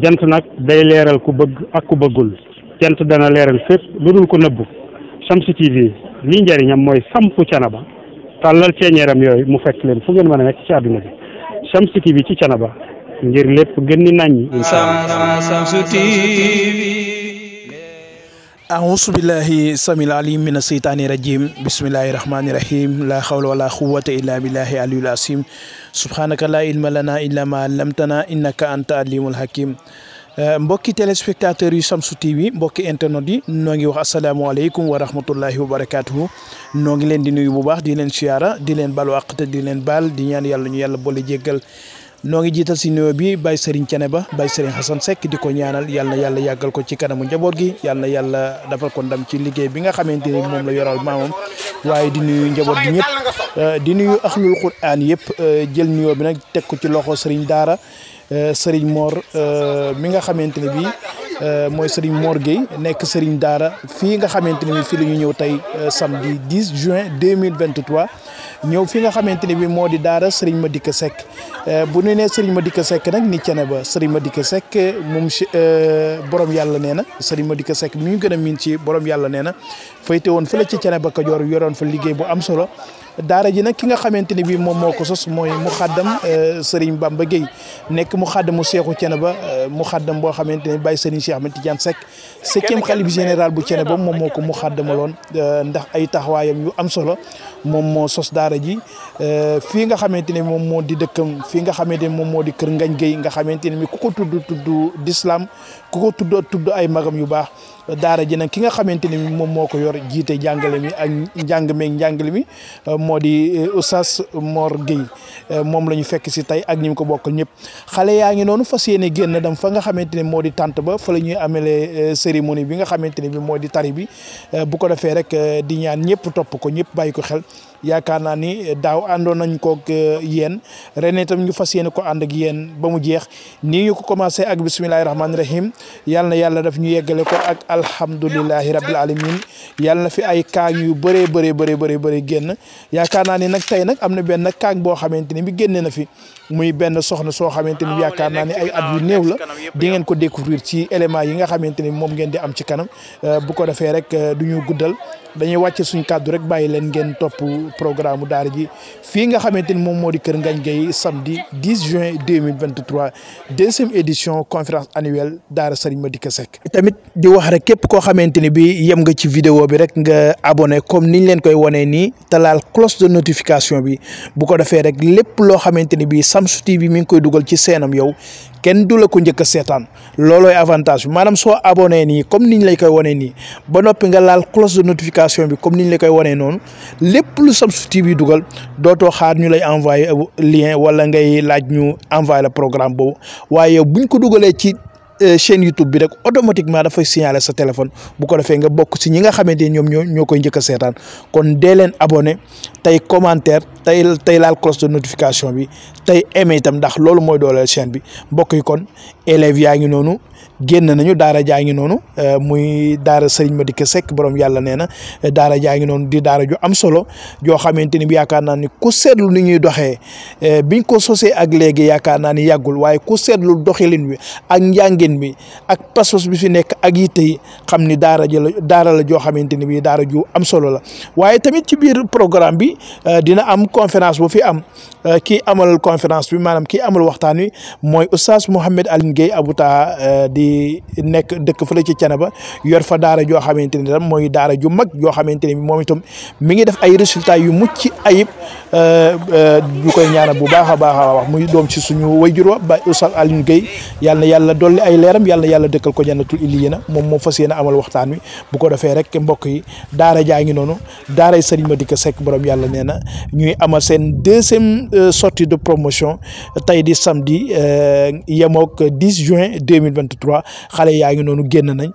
jant nag day leeral ku bëgg ak ku bëggul jant dana leeral fépp lu dul ko nëbbu Shamsu TV lii njëriñam mooy sampu canaba tàllal ceeñeeram yooyu mu fekk leen fu ngeen mën a nekk ci àdduna bi Shamsu TV ci ba ngir lépp gën ni naññi incha tv أعوذ بالله السميع العليم من الشيطان الرجيم بسم الله الرحمن الرحيم لا حول ولا قوة إلا بالله العلي العظيم سبحانك لا علم لنا إلا ما علمتنا إنك أنت العليم الحكيم mbokki téléspectateurs yu Shamsu TV mbokki internet yi noo ngi wax asalaamaaleykum wa rahmatullahi wa barakaatuhu noo ngi leen di nuyu bu baax di leen siyaara di leen balu àq te di leen baal di ñaan yàlla ñu yàlla boole jéggal noo ngi jiital si nuyoo bi Baye Serigne ba Baye Serigne Assane sekk di ko ñaanal yal na yàlla yàggal ko ci kanamu njaboot gi yal na yàlla defal ko ndam ci liggéey bi nga xamante ni moom la yoral maamam waaye di nuyu njaboot gi ñëpp euh, di nuyu axlul quraan yëpp euh, jël nuyoo bi nag teg ko ci loxo Serigne Daara euh, Serigne Mor mi nga xamante ne bii. Euh, mooy Serigne Mor Gueye nekk Serigne Daara fii nga xamante ne bi fii la ñu ñëw tey euh, samedi 10 juin 2023 ñëw fi nga xamante ne bi moo di Daara ma Madické Seck euh, bu ñu nee Serigne Madické sekk nag ni cene ba ma Madické Seck moom borom yàlla nee na Serigne Madické Seck mi ñu gën a miin ci borom yàlla nee na fayte woon fële ci cene ba Kajoor yoroon fa liggéey bu am solo. daara ji nag ki nga xamante ne bii moom moo ko sos mooy mu xaddam euh, Serigne ba Gueye nekk mu xaddamu Seexu ba euh, mu xaddam boo xamante ne bàyyi Serigne Cheikh Ahmed Tidiane Seck septième général bu Thiénaba moom moo ko mu xaddamaloon euh, ndax ay taxawaayam yu am solo moom moo sos daara ji fii nga xamante ne moom moo di dëkkam fii nga xamante ne moom moo di kër Ngagne Gueye nga xamante ne mi ku ko tudd tudd d'islam ku ko tudd tudd ay magam yu baax daara ji nag ki nga xamante ne moom moo ko yor jiite jàngale mi ak njàng meeg njàngale mi euh, moo di euh, Oustaz Mor Gueye euh, moom la ñu fekk si tey ak ñi mu ko bokkal ñëpp xale yaa ngi noonu fas yéene génn dem fa nga xamante ne moo di tànt ba fa la ñuy amele cérémonie bi nga xamante ne bi moo di tari bi bu ko defee rek di ñaan ñëpp topp ko ñëpp bàyyi ko xel yaakaar naa ni daaw àndoon nañ ko ak eh, yéen ren itam ñu fas yéene ko ànd ak yéen ba mu jeex nii ñu ko commencé ak bisimilahi rahmaani rahim yal na yàlla daf ñu yeggale ko ak alhamdulilahi rabil alamin yal na fi ay kaa yu bëree bëree bëree bëree bëri génn yaakaar naa ni nag tey nag am na benn kaang boo xamante ni bi génnee na fi muy benn soxna soo xamante ni yaakaar naa ni ay at yu néew la di ngeen ko découvrir ci élément yi nga xamante ni moom ngeen di am ci kanam eh, bu ko defee rek eh, du ñu guddal dañuy wàcce suñ kàddu rek bàyyi leen ngeen topp programme daara ji fii nga xamante ni moom moo di Kër Ngagne Gaye samedi 10 juin 2023 deuxième édition conférence annuelle daara Serigne di Seck tamit di wax rek képp koo xamante ni bi yem nga ci vidéo bi rek nga abonné comme niñ leen koy wanee nii te laal cloche de notification bi bu ko defee rek lépp loo xamante ni bi Shamsu TV mi ngi koy dugal ci seenam yow kenn du la ko njëkk a seetaan loolooy avantage maanaam soo abonné nii comme niñ lay koy wanee nii ba noppi nga laal cloche de notification bi comme niñ la koy wanee noonu lépp lu Shamsu TV dugal dootoo xaar ñu lay envoyé lien wala ngay laaj ñu envoyé la programme boobu waaye buñ ko dugalee ci euh, chaîne YouTube bi rek automatiquement dafay signaler sa téléphone bu ko defee nga bokk si ñi nga xamante ni ñoom ñoo ñoo koy njëkk seetaan kon dee leen abonné tey commentaire tey tey laal cloche de notification bi tey aimé itam ndax loolu mooy dooleel chaîne bi mbokk yi kon élève yaa ngi noonu génn nañu daara jaa ngi noonu euh, muy daara Serigne Madické Seck borom yàlla nee na euh, daara jaa ngi noonu di daara ju am solo joo xamante ni bi yaakaar naa ni ku seetlu ni ñuy doxee euh, biñ ko sosee ak léegi yaakaar naa ni yàggul waaye ku seetlu doxalin bi ak njàngin bi ak pasos bi fi nekk ak yitte yi xam ni daara ji la daara joo xamante ni bi daara ju am solo la waaye tamit ci biir programme bi Euh, dina am conférence bu fi am Euh, kii amal conférence bi maanaam kii amal waxtaan wi mooy oustaz Mouhamed Alioune Guèye Abou Taa euh, di nekk dëkk fële ci ba yor fa daara joo xamante ni tam mooy daara ju mag joo xamante ni moom itam mi ngi def ay résultats yu mucc ayib euh, ñu koy ñaanal bu baax a baax muy doom ci suñu wayjur wa ba oustaz Alioune Guèye yàlla na yàlla dolli ay leeram yàlla na yàlla dëkkal ko jannatul illiyina moom moo fas yéene amal waxtaan wi bu ko defee rek mbokk yi daara jaa ngi noonu daaray Serigne Madick Seck borom yàlla nee na ñuy amal seen deuxième Euh, sortie de promotion euh, taille samedi euh, Yamok 10 juin 2023 xale a ngi génn nañ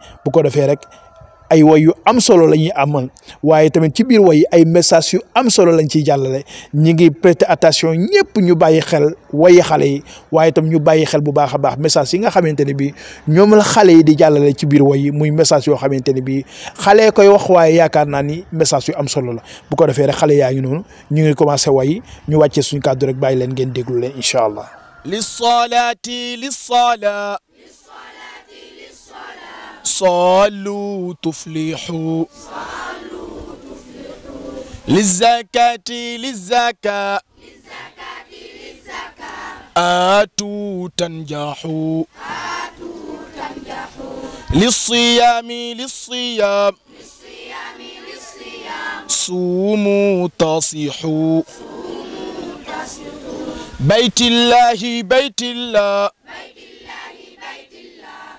ay way yu am solo lañuy ñuy amal waaye tamit ci bir way ay message yu am solo lañ ci jàllale ñi ngi prêter attention ñëpp ñu bàyyi xel wayi xale yi waaye tam ñu bàyyi xel bu baaxa baax message yi nga xamanteni bi ñom la xale yi di jàllale ci bir way muy message yo xamanteni bi xale koy wax waye yaakar na ni message yu am solo la bu ko defé rek xale yaa ñu non ñi ngi commencé way ñu wacce suñu cadre rek bàyyi leen ngeen déglu leen inshallah للصلاة للصلاة صلوا تفلحوا للزكاة للزكاة آتوا تنجحوا للصيام للصيام صوموا تصيحوا بيت الله بيت الله, بيت الله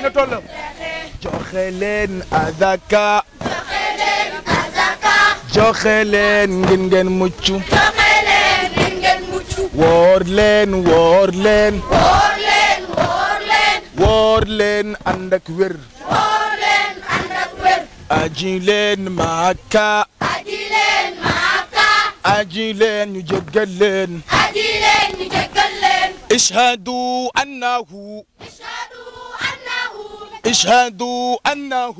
jàppee nga toll. joxe leen azaka. joxe leen azaka. joxe leen ngir ngeen mucc. joxe leen ngir ngeen mucc. woor leen woor leen. woor leen woor leen. woor leen ànd ak wér. woor leen ànd ak wér. aji leen maaka. aji leen maaka. aji leen ñu jéggal leen. aji leen ñu jéggal leen. ishadu annahu. ishadu. اشهدوا أنه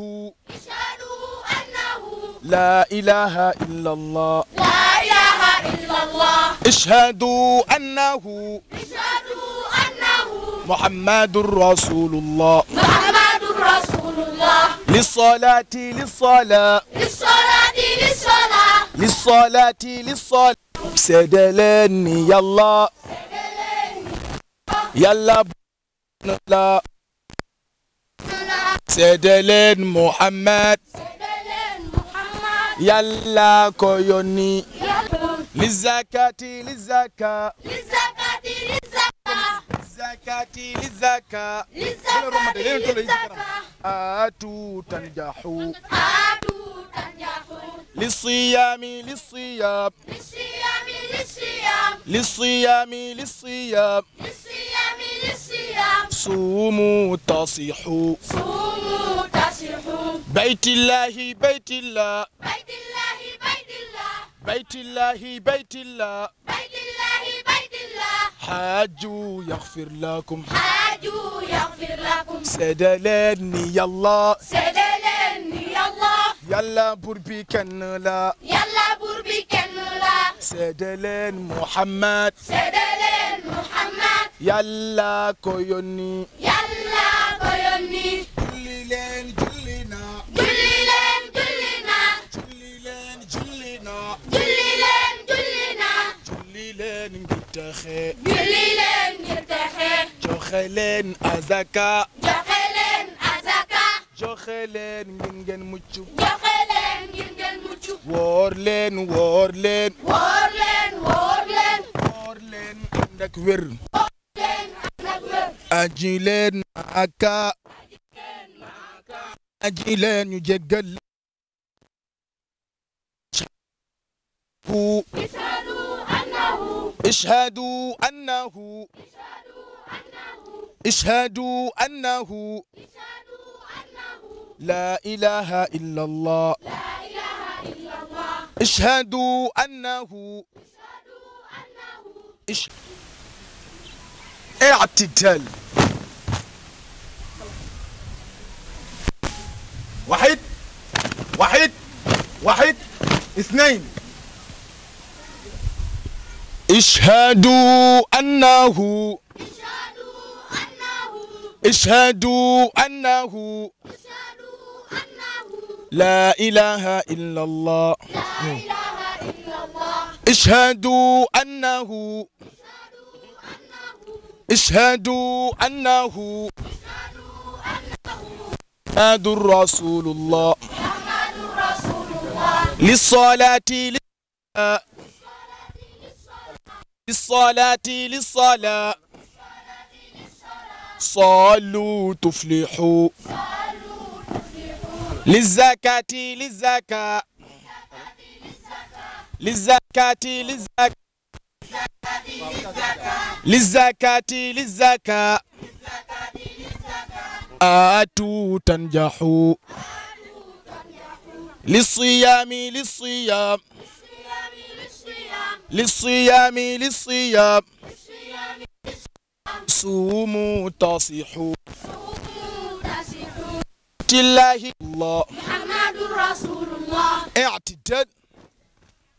اشهدوا أنه لا إله إلا الله لا إله إلا الله اشهدوا أنه اشهدوا أنه محمد رسول الله محمد رسول الله للصلاة للصلاة للصلاة للصلاة للصلاة للصلاة سدلني يلا سدلني يلا لا seede leen Muhammad yàlla ko yónni li zakati li zaka li zakati li zaka zakati li zaka li zakati li zaka atu tanjahu atu tanjahu للصيام للصيام للصيام للصيام للصيام للصيام للصيام للصيام صوموا تصيحوا صوموا تصيحوا بيت الله بيت الله بيت الله بيت الله بيت الله بيت الله بيت الله بيت الله حاجوا يغفر لكم حاجوا يغفر لكم سدلني الله سدلني yàlla buur bi kenn la. yàlla buur bi kenn la. seede leen Muhammad. seede leen Muhammad. yàlla ko yónni. yàlla ko yónni. julli leen julli naa. julli leen julli naa. julli leen julli naa. julli leen julli naa. julli leen ngir texe. julli leen ngir texe. joxe leen azaka. joxe leen ngir ngeen mucc. joxe leen ngir ngeen mucc. woor leen woor leen. woor leen woor leen. woor leen ànd ak wér. woor leen ànd ak wér. aji leen maaka. aji leen maaka. aji leen ñu jéggal. اشهدوا أنه اشهدوا أنه اشهدوا أنه اشهدوا أنه لا إله إلا الله لا إله إلا الله اشهدوا أنه اشهد أنه اش... اعتدال واحد واحد واحد اثنين اشهدوا أنه اشهدوا أنه لا إله إلا الله اشهدوا أنه اشهدوا أنه محمد رسول الله للصلاة للصلاة للصلاة صلوا تفلحوا للزكاة للزكاة للزكاة للزكاة للزكاة للزكاة آتوا تنجحوا للصيام للصيام للصيام للصيام صوموا تصيحوا الله الله محمد رسول الله اعتدد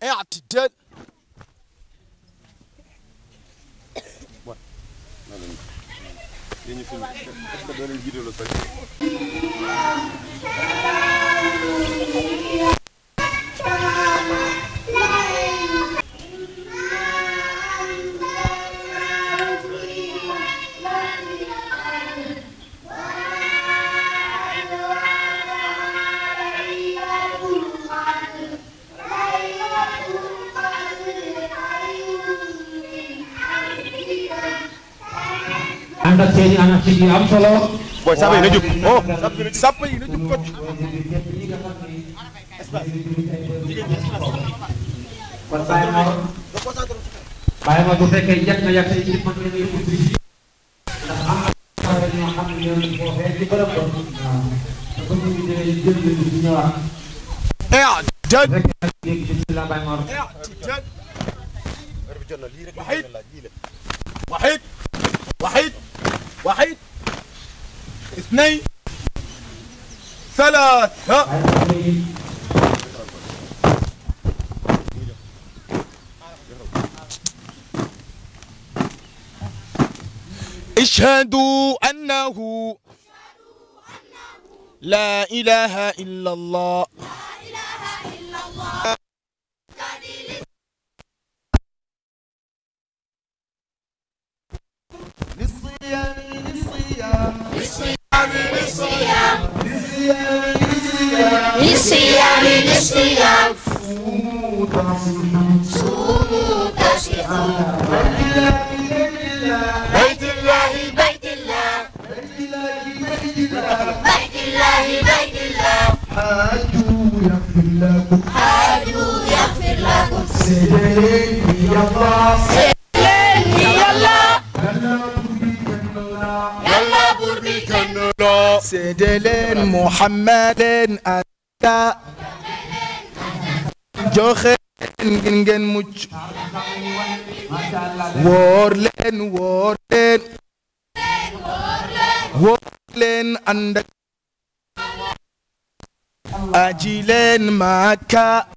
اعتدد Thank you. ànd ak seen i anarchiste yu am solo. booy sàpp yi na jub oh sàpp yi na jub coach. kon bàyyi ma bàyyi ma bu fekkee njëkk na yàgg sa équipe man ngeen yóbbu bi. ndax am na solo ñoo xam ne ñoo ngi foofee ci bërëb doon. waaw te bu ñu jëlee jël leen di ñëwaat. Eh, ah, jël bu fekkee nag léegi bisimilah bàyyi ma ثلاث اشهدوا انه لا اله الا الله يا صوموا تشرقوا بيت الله بيت الله بيت الله بيت الله بيت الله بيت الله حاجوا يغفر لكم حاجوا يغفر لكم سيدي يا الله سيدي يا الله يلا بربي كنولا يلا بربي كنولا سيدي محمد أنت جوخين جنجن مچ وورلن وورلن وورلن عندك أجيلن ماكا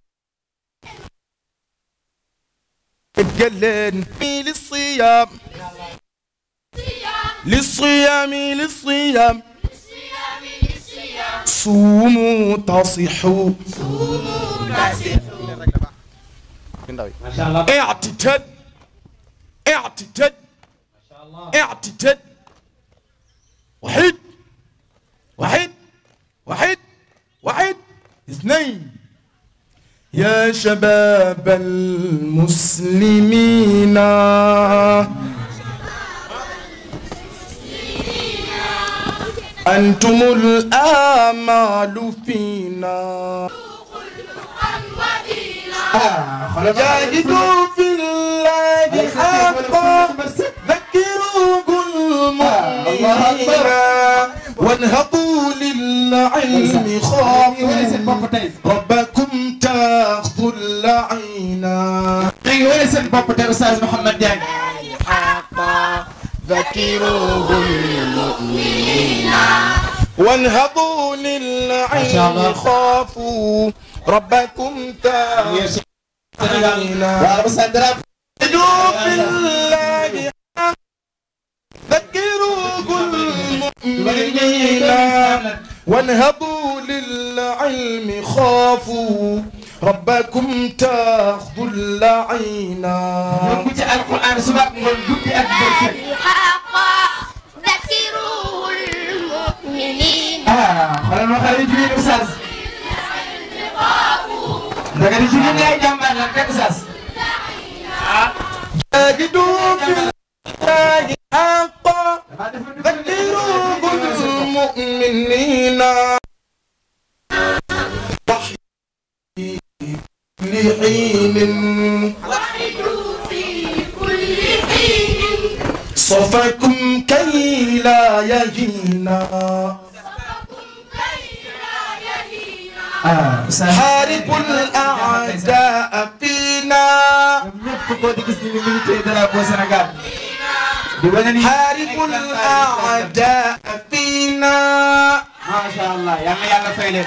جلن في للصيام للصيام للصيام صوموا تصحوا اعتتد اعتتد اعتتد واحد واحد واحد واحد اثنين يا شباب المسلمين أنتم الآمال فينا جاهدوا في الله حقا ذكروا المؤمنين وانهضوا للعلم خافوا ربكم تاخذوا اللعينا أيوة سن بابا محمد يعني حقا ذكروه المؤمنين وانهضوا للعين خافوا ربكم تابعين في بالله ذكروه المؤمنين وانهضوا للعلم خافوا ربكم تاخذ العين نقول القرآن سبق نقول حقا ذكروا المؤمنين آه خلنا نخرج من أستاذ في ذكروا المؤمنين كل حين في كل حين صفكم كي لا يهينا حارب الأعداء فينا حارب الأعداء فينا ما شاء الله يا الله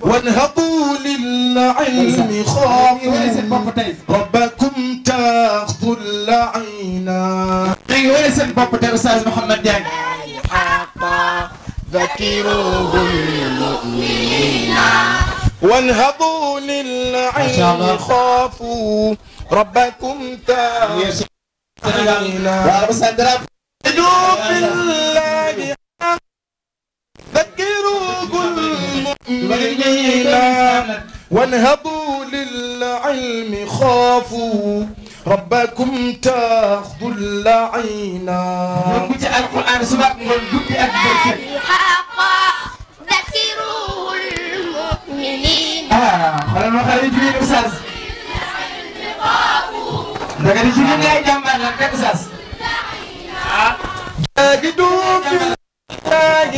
وانهضوا للعلم خاضوا ربكم تاخذوا اللعينا أستاذ محمد ديان حقا ذكروه المؤمنين وانهضوا للعلم خافوا ربكم تاخذوا اللعينا بالله ذكروه ليلا وانهبوا للعلم خافوا ربكم تاخذوا العينا القرآن سبق حق ذكروا المؤمنين آه خلنا نخلي جميل أستاذ دقيقة جميل يا في الله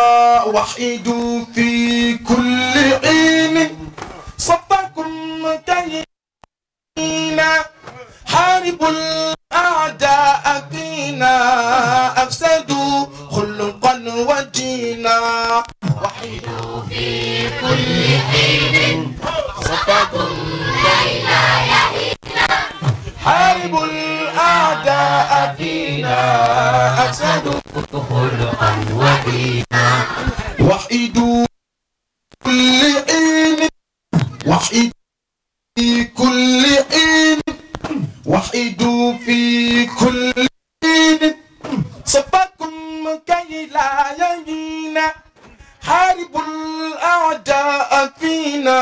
وحيد في كل حين صفاكم تهينا حارب الأعداء فينا أفسدوا خلقا وجينا وحيد في كل حين صفاكم ليلا يهينا حارب الأعداء فينا أفسدوا وحيدا وحيد كل عين وحيد في كل عين وحيد في كل عين سبقكم كي لا يهينا حارب الأعداء فينا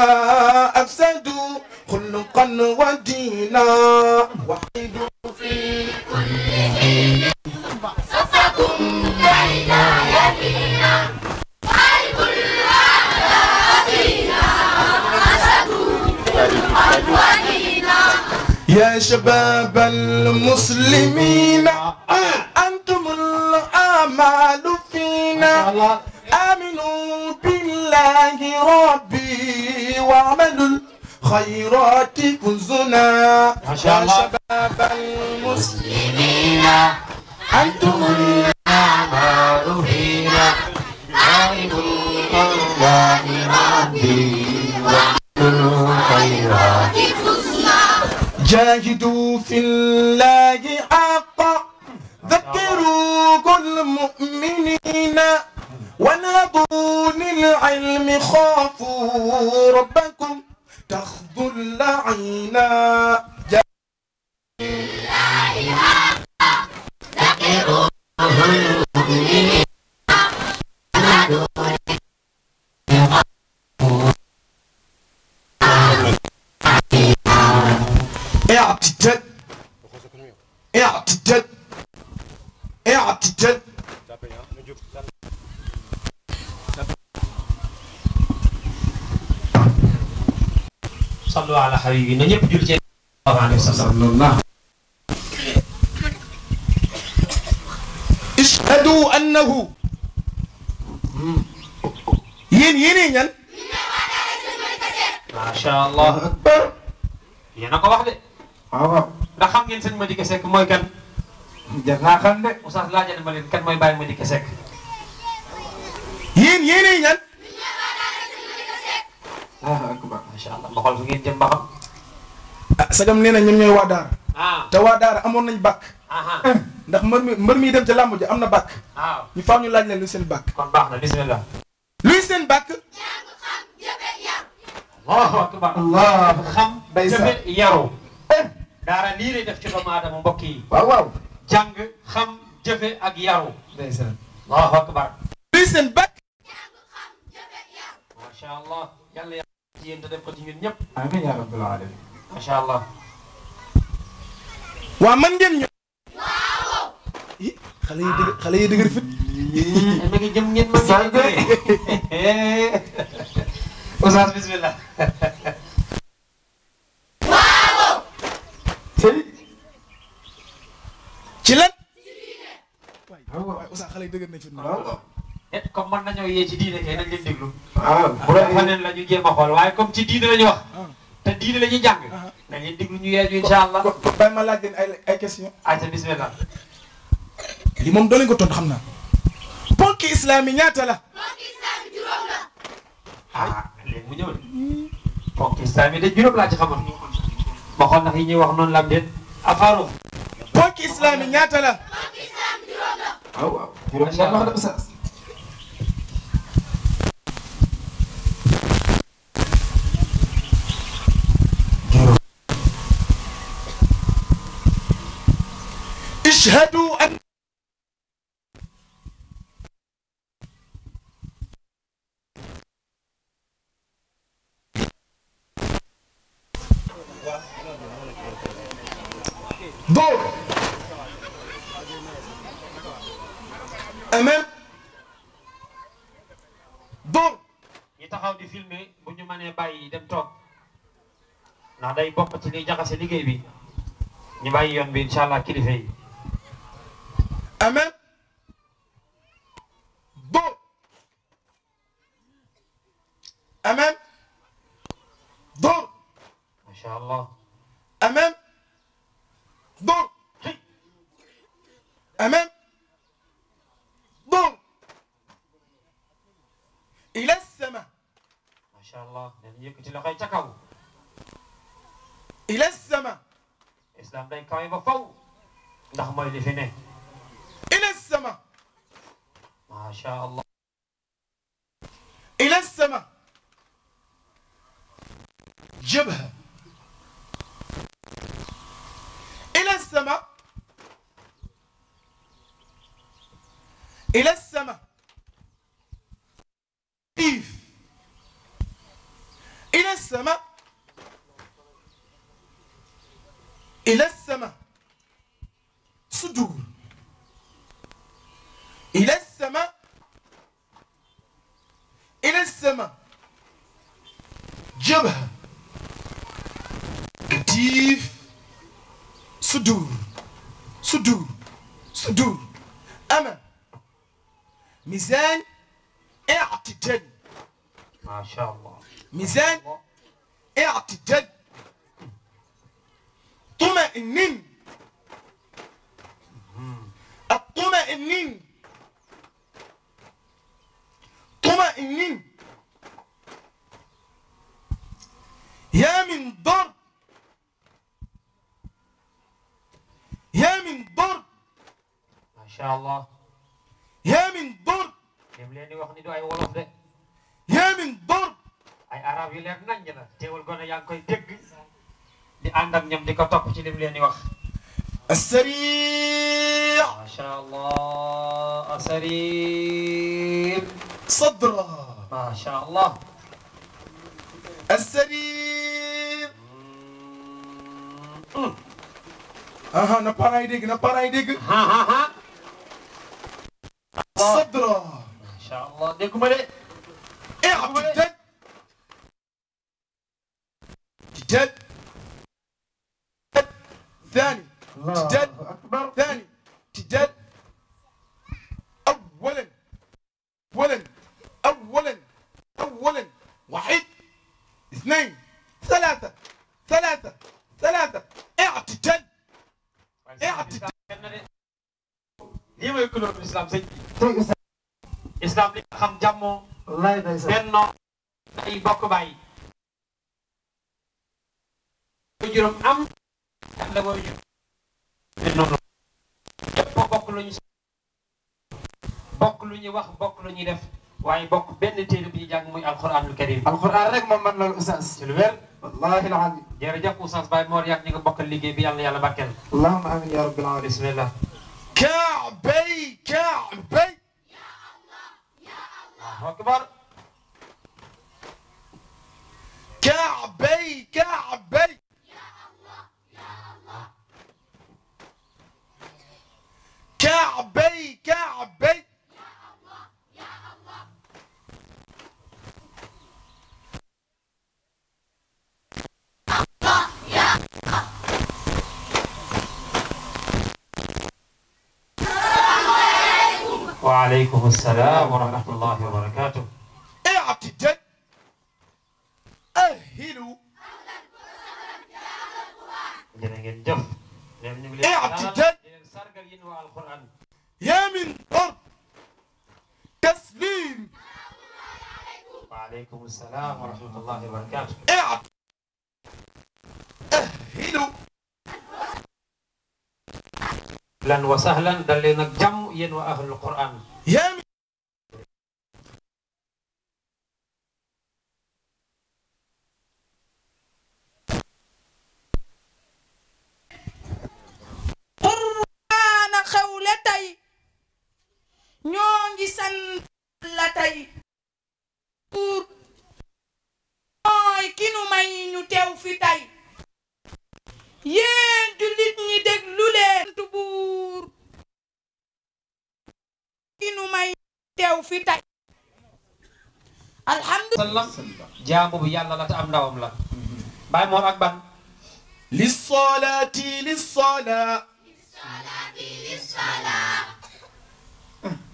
أفسدوا خلقا ودينا وحيد يا شباب المسلمين أنتم الأمال فينا آمنوا بالله ربي واعملوا الخيرات كنزنا يا شباب المسلمين أنتم الأعمال فينا آمنوا بالله ربي جاهدوا في الله حقا ذكروا كل المؤمنين ولا دون العلم خافوا ربكم تخذوا العينا جاهدوا في الله حقا ذكروا xar ini na ñëpp jul ci alayhi sallallahu ishhadu annahu hmm. yéen yéenee ñan allah akbar ya a ko wax de waaw ndax xam ngeen sëñ Madické Seck mooy kan jar naa xam de oustaz laajal ma leen kan mooy bàyyi Madické Seck yéen ah allah ma xool fu ah sagam nee na ñoom ñooy waa daara ah. te waa daara amoon nañu bàkk ndax mbër mi mbër mi dem ca làmb ji am na bàkk ah. ñu faaw ñu laaj leen luy seen bàkk kon baax na bismillah luy seen bàkk allah xam lii eh. def ci doomu aadama mbokk yi waaw waaw jàng xam jëfe ak yaru ndeysaan allahu akbar luy ko ci ñun ñëpp macha allah. waa man ngeen ñëw. waaw. hi xale yi dëgër xale yi dëgër fit. ma ngi jëm ngeen ma ngi jëm Oustaz bismillah. waaw. ci lan. waaw waaw Oustaz xale yi dëgër na fit. waaw. et eh, comme mën nañoo yee ci diine kay nañ leen déglu. waaw ah, bu la la ñu jéem a xool waaye comme ci diine la ñu wax. Ah. te diine la ñuy jàng. Ah. dañuy déglu ñu yeeju incha allah. bàyyi ma laaj leen ay ay questions. ayca bismillah. li moom doo leen ko tontu xam naa. ponki islam yi ñaata la. ponki islam yi juróom la. ah léegi mu ñëw de. ponki islam yi de juróom laa ci xamoon. ma xool ndax yi ñuy wax noonu la am déet. afaaru. ponki islam yi ñaata la. ponki islam yi juróom la. waaw waaw. macha allah أشهد أن دور أمام دور يتخاو دي فيلمي بو ñu mané bayyi dem tok ndax day bok ci li jaxase liggéey bi ñu bayyi yoon bi inshallah yi أمام ضوء أمام ضوء ما شاء الله أمام ضوء أمام ضوء إلى السماء ما شاء الله نبيك تلقي تكو إلى السماء إسلام دايكاي وفو نحمل فينه inshallah. جبهة كتيف صدور صدور صدور أما ميزان اعتدل ما شاء الله ميزان اعتدل طمئنين الطمأنن طمئنين من ضرب يا من ضرب ما شاء الله يا من ضرب لمليني وخني دو اي ولوف ده يا من ضرب اي عرب يلير نانجنا تيول غونا يان كوي دغ دي اندك نيم ديكو توك سي لمليني وخ السريع ما شاء الله السريع صدره ما شاء الله aha na parents yi dégg na parents yi dégg. sadra. macha allah déggu ma de. déggu ma de. loolu oustaz lu wér wallahi alazim jërëjëf oustaz Baye Mor yaag ñi nga bokkal liggéey bi yàlla na yàlla barkeel allahumma amin ya rabbil alamin bismillah كعبي كعبي الله أكبر كعبي كعبي يا الله يا الله كعبي كعبي وعليكم السلام ورحمة الله وبركاته ايه الجد أهلوا ايه الجد يا من قرب تسليم وعليكم السلام ورحمة الله وبركاته ايه الجد أهلوا لن وسهلا دلنا جم ين واهل القران يم jaamu bu yàlla la te am ndawam la mm-hmm. baay moor ak ban li solaati li sola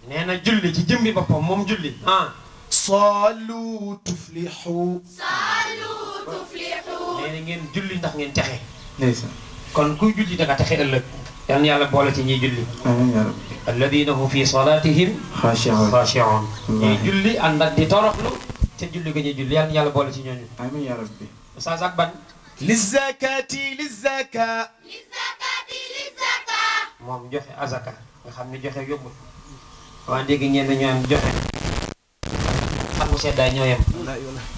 nee na julli ci jëmbi boppam moom julli ah sallu tuflihu nee na ngeen julli ndax ngeen texe kon kuy julli da nga texe ëllëg yal na yàlla boole ci ñiy julli alladina hum fi salatihim xaashi'un ñiy julli ànd ak di toroxlu te julli ga ñuy julli yàlla yàlla boole ci ñooñu. amiin yaa rabbi. Oustaz ak ban. li zakati li zaka. moom joxe azaka nga xam ne joxe yóbbu. waa dégg ñenn ñoo am joxe. xam nga seddaay ñoo yem.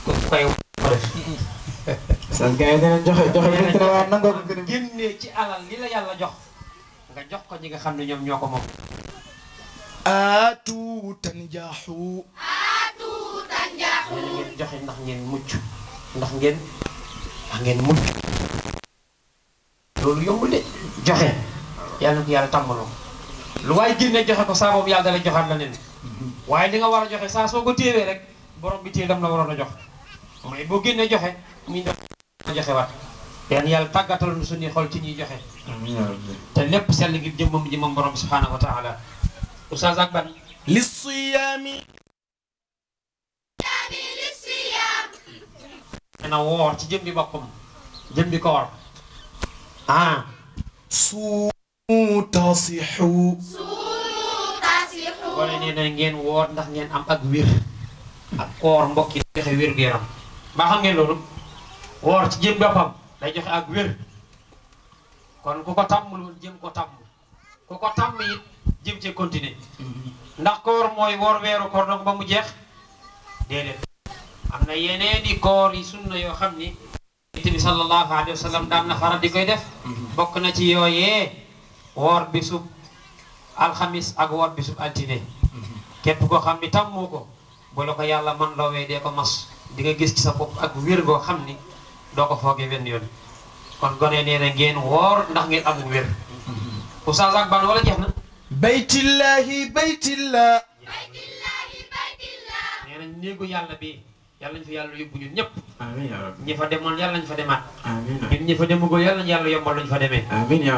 joxe joxe bi dina waa nangoo gën a ci alal li la yàlla jox nga jox ko ñi nga xam ne ñoom ñoo ko moom. Atu tanjaxu Atu tanjaxu ngeen joxe ndax ngeen mucc ndax ngeen ndax ngeen mucc loolu yombul de joxe yàlla ko yàlla tàmbaloo lu waaye génne joxe ko saa boobu yàlla da lay joxaat la li nga war joxe saa soo ko rek borom bi téye dam la waroon a jox mooy boo génnee joxe muy a joxe waat yaan yàlla tàggatal nu suñuy xol ci ñuy joxe te lépp sell ngir jëmmam ji moom borom subhanahu wa taala Oustaz ak ban li siyaami ci jëm boppam jëm bi tasixu wala nee na ngeen woor ndax ngeen am ak wir ak koor mbokk yi joxe wér gu yaram ngeen loolu woor ci jëm boppam day joxe ak wér kon ku ko tàmm loolu jëm ko tàmm ku ko tàmm it jëm cee continuer ndax koor mooy woor weeru koor donc ba mu jeex déedéet am na yeneen i koor yi sunna yoo xam ni nit bi sallallahu alayhi wa di koy def bokk na ci yooyee woor bisub alxamis ak woor bisub altine képp koo xam ni tàmmu ko bu ko yàlla man loowee dee ko mas di nga gis ci sa bopp ak wér goo xam ni doo ko foogee wenn yoon kon gone nee ngeen woor ndax ngeen amul wér oustaz ak ban wala jeex na baitillahi baitillah baytillahi baytillah nee nih bi yalla ñu fa yàlla yóbbu ñun ñep amin ya rabbi ñi fa demon yalla ñu fa demaat amiin ñi fa demugoo yàlla ñu yombal fa ya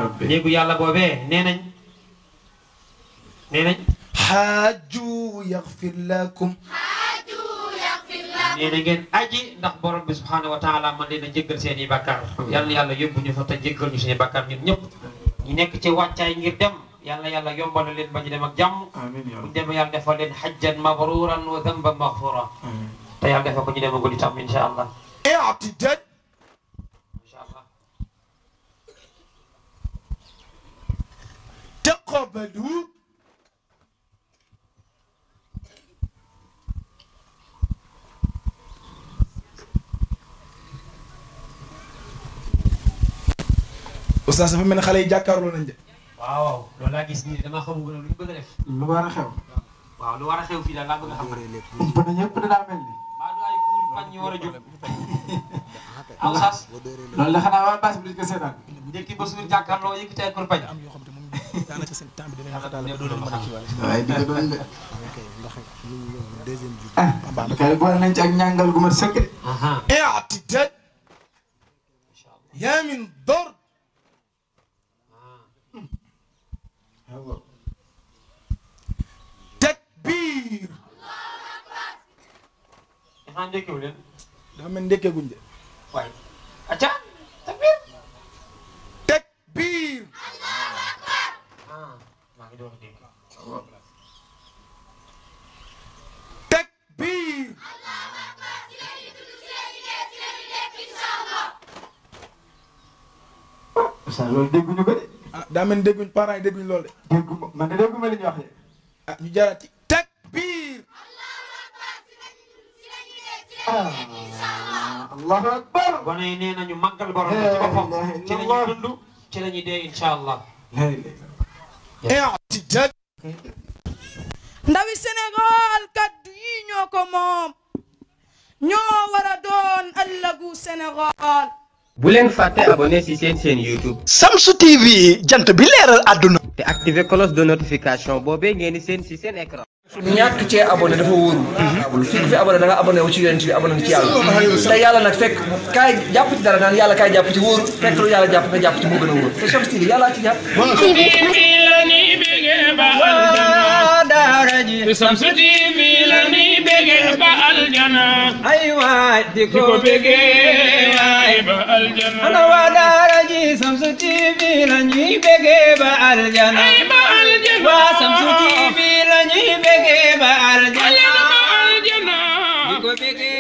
rabbi néegu yàlla boobee lakum haju yaghfir lakum nee ngeen aji ndax borom bi subhanahu wa taala man leena a jéggal seen i bàkkaar yalla yàlla yóbbu ñu fa ta jéggal ñu seen i bàkkaar ñun ñëpp ñu nekk ci wàccaay ngir dem yal na yàlla yombal leen ba ñu dem ak jàmm. amiin yaa bu ñu demee yàlla defal leen xajjan mabruuran wa damban maxfuura. te yàlla defal ko ñu dem ak lu tam incha allah. i'tidad. Eh, incha allah. taqabbalu. oustaz dafa mel ne xale yi jàkkaarloo nañ de. waaw loolu laa gis nii damaa xamul lu ñu bëgg a def. lu war a xew. waaw lu war a xew fii daal laa bëgg a xam. ump na ñëpp danaa mel ni. maa du ay kuur fan ñu war a jóg. aw sas. loolu la xanaa waa bas bi ko seetaan. njëkk ba suur jàkkaarloo yëkkati ay kurpañ. daanaka seen temps bi dañuy xatal waaye di ko doon de. ah kay boole nañ ci ak ñàngal gu ma sëkk. yaa min dor. takbiir. dafa ndekkewu leen. dafa mel ndekkeeguñ de. waaye acca takbiir. takbiir. ah maa ngi ah daa mel ni dégguñ parents yi dégguñ lool de. dégguma man de dégguma li ñu wax de. ah ñu jaaraat ci takbir. Ah, allahu akbar. gone yi nee nañu màggal borom ci boppam ci la ñuy dund ci la ñuy dee incha allah. Eh, ah, ndawi Sénégal kaddu yi ñoo ko moom ñoo war a doon ëllëgu Sénégal. bu leen fàtte abonné ci seen seen YouTube. Samsu TV jant bi leeral àdduna. te activer cloche de notification boobee ngeen seen si seen écran. su ñàkk cee abonné dafa wóorul. fii mhm. fi abonné da nga abonné wu ci yonent bi abonné ci yàlla. te nag fekk kaay jàpp ci dara naan yàlla kaay jàpp ci wóorul. fekk lu yàlla jàpp nga moo gën a Samsu TV ba aljana daara ji bisam su tv la ni bege ba aljana ay waay di ko bege waay ba aljana ana waa daara ji samsu tv la ni bege ba aljana ay ba aljana waa samsu tv la ni bege ba aljana di ko bege